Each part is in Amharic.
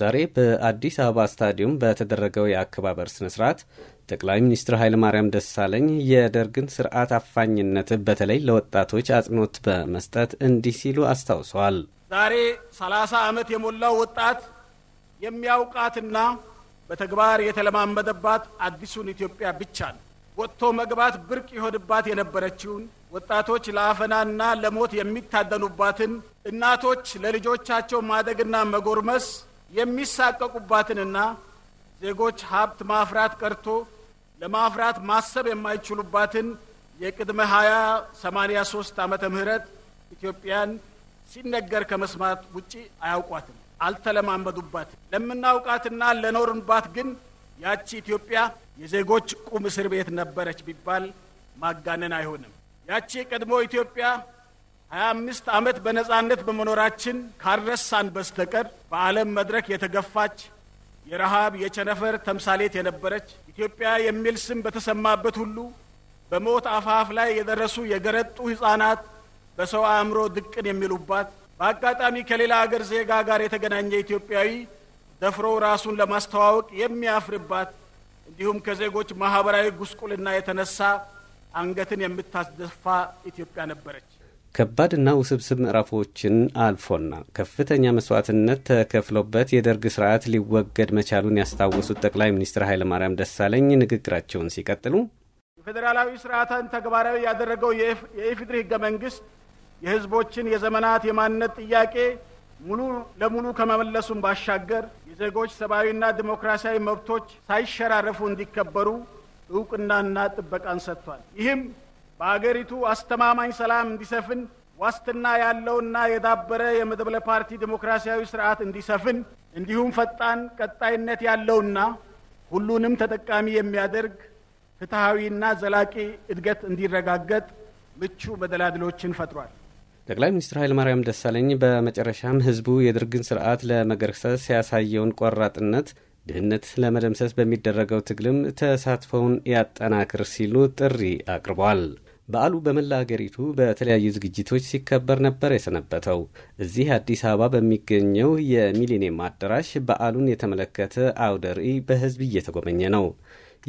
ዛሬ በአዲስ አበባ ስታዲየም በተደረገው የአከባበር ስነ ስርዓት ጠቅላይ ሚኒስትር ኃይለማርያም ደሳለኝ የደርግን ስርዓት አፋኝነት በተለይ ለወጣቶች አጽንኦት በመስጠት እንዲህ ሲሉ አስታውሰዋል። ዛሬ 30 ዓመት የሞላው ወጣት የሚያውቃትና በተግባር የተለማመደባት አዲሱን ኢትዮጵያ ብቻ ነው። ወጥቶ መግባት ብርቅ ይሆንባት የነበረችውን ወጣቶች ለአፈናና ለሞት የሚታደኑባትን እናቶች ለልጆቻቸው ማደግና መጎርመስ የሚሳቀቁባትንና ዜጎች ሀብት ማፍራት ቀርቶ ለማፍራት ማሰብ የማይችሉባትን የቅድመ 20 ሶስት ዓመተ ምህረት ኢትዮጵያን ሲነገር ከመስማት ውጪ አያውቋትም፣ አልተለማመዱባትም። ለምናውቃትና ለኖርንባት ግን ያቺ ኢትዮጵያ የዜጎች ቁም እስር ቤት ነበረች ቢባል ማጋነን አይሆንም። ያቺ የቀድሞ ኢትዮጵያ ሀያ አምስት ዓመት በነጻነት በመኖራችን ካልረሳን በስተቀር በዓለም መድረክ የተገፋች የረሃብ የቸነፈር ተምሳሌት የነበረች ኢትዮጵያ የሚል ስም በተሰማበት ሁሉ በሞት አፋፍ ላይ የደረሱ የገረጡ ሕፃናት በሰው አእምሮ ድቅን የሚሉባት በአጋጣሚ ከሌላ አገር ዜጋ ጋር የተገናኘ ኢትዮጵያዊ ደፍሮ ራሱን ለማስተዋወቅ የሚያፍርባት እንዲሁም ከዜጎች ማህበራዊ ጉስቁልና የተነሳ አንገትን የምታስደፋ ኢትዮጵያ ነበረች። ከባድና ውስብስብ ምዕራፎችን አልፎና ከፍተኛ መስዋዕትነት ተከፍሎበት የደርግ ስርዓት ሊወገድ መቻሉን ያስታወሱት ጠቅላይ ሚኒስትር ኃይለማርያም ደሳለኝ ንግግራቸውን ሲቀጥሉ የፌዴራላዊ ስርዓትን ተግባራዊ ያደረገው የኢፍድሪ ህገ መንግስት የህዝቦችን የዘመናት የማንነት ጥያቄ ሙሉ ለሙሉ ከመመለሱን ባሻገር የዜጎች ሰብአዊና ዲሞክራሲያዊ መብቶች ሳይሸራረፉ እንዲከበሩ እውቅናና ጥበቃን ሰጥቷል። ይህም በአገሪቱ አስተማማኝ ሰላም እንዲሰፍን ዋስትና ያለውና የዳበረ የመድበለ ፓርቲ ዲሞክራሲያዊ ስርዓት እንዲሰፍን እንዲሁም ፈጣን ቀጣይነት ያለውና ሁሉንም ተጠቃሚ የሚያደርግ ፍትሐዊና ዘላቂ እድገት እንዲረጋገጥ ምቹ መደላድሎችን ፈጥሯል። ጠቅላይ ሚኒስትር ኃይለማርያም ደሳለኝ በመጨረሻም ህዝቡ የድርግን ስርዓት ለመገርሰስ ያሳየውን ቆራጥነት ድህነት ለመደምሰስ በሚደረገው ትግልም ተሳትፎውን ያጠናክር ሲሉ ጥሪ አቅርቧል። በዓሉ በመላ ሀገሪቱ በተለያዩ ዝግጅቶች ሲከበር ነበር የሰነበተው። እዚህ አዲስ አበባ በሚገኘው የሚሊኒየም አዳራሽ በዓሉን የተመለከተ አውደ ርዕይ እየተጎበኘ ነው።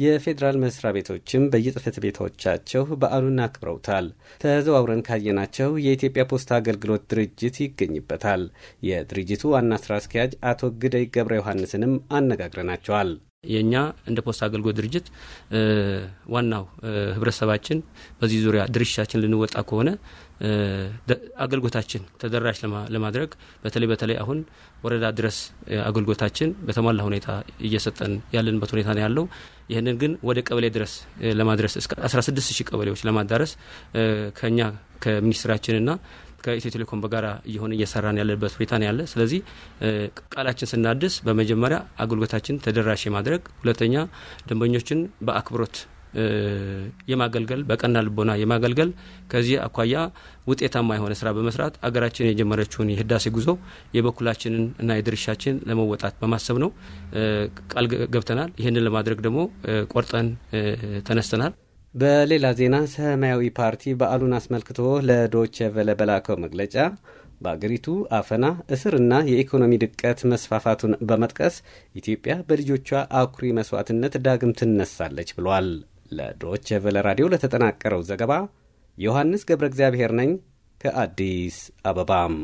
የፌዴራል መስሪያ ቤቶችም በየጽህፈት ቤቶቻቸው በዓሉን አክብረውታል። ተዘዋውረን ካየናቸው የኢትዮጵያ ፖስታ አገልግሎት ድርጅት ይገኝበታል። የድርጅቱ ዋና ስራ አስኪያጅ አቶ ግደይ ገብረ ዮሐንስንም አነጋግረናቸዋል። የእኛ እንደ ፖስታ አገልግሎት ድርጅት ዋናው ህብረተሰባችን በዚህ ዙሪያ ድርሻችን ልንወጣ ከሆነ አገልግሎታችን ተደራሽ ለማድረግ በተለይ በተለይ አሁን ወረዳ ድረስ አገልግሎታችን በተሟላ ሁኔታ እየሰጠን ያለንበት ሁኔታ ነው ያለው። ይህንን ግን ወደ ቀበሌ ድረስ ለማድረስ እስከ 16 ሺህ ቀበሌዎች ለማዳረስ ከእኛ ከሚኒስትራችንና ከኢትዮ ቴሌኮም በጋራ እየሆነ እየሰራን ያለበት ሁኔታ ነው ያለ። ስለዚህ ቃላችን ስናድስ በመጀመሪያ አገልግሎታችን ተደራሽ የማድረግ ሁለተኛ ደንበኞችን በአክብሮት የማገልገል በቀና ልቦና የማገልገል ከዚህ አኳያ ውጤታማ የሆነ ስራ በመስራት አገራችን የጀመረችውን የህዳሴ ጉዞ የበኩላችንን እና የድርሻችን ለመወጣት በማሰብ ነው ቃል ገብተናል። ይህንን ለማድረግ ደግሞ ቆርጠን ተነስተናል። በሌላ ዜና ሰማያዊ ፓርቲ በዓሉን አስመልክቶ ለዶቼ ቬለ በላከው መግለጫ በአገሪቱ አፈና፣ እስርና የኢኮኖሚ ድቀት መስፋፋቱን በመጥቀስ ኢትዮጵያ በልጆቿ አኩሪ መስዋዕትነት ዳግም ትነሳለች ብሏል። ለዶቼ ቬለ ራዲዮ ለተጠናቀረው ዘገባ ዮሐንስ ገብረ እግዚአብሔር ነኝ ከአዲስ አበባም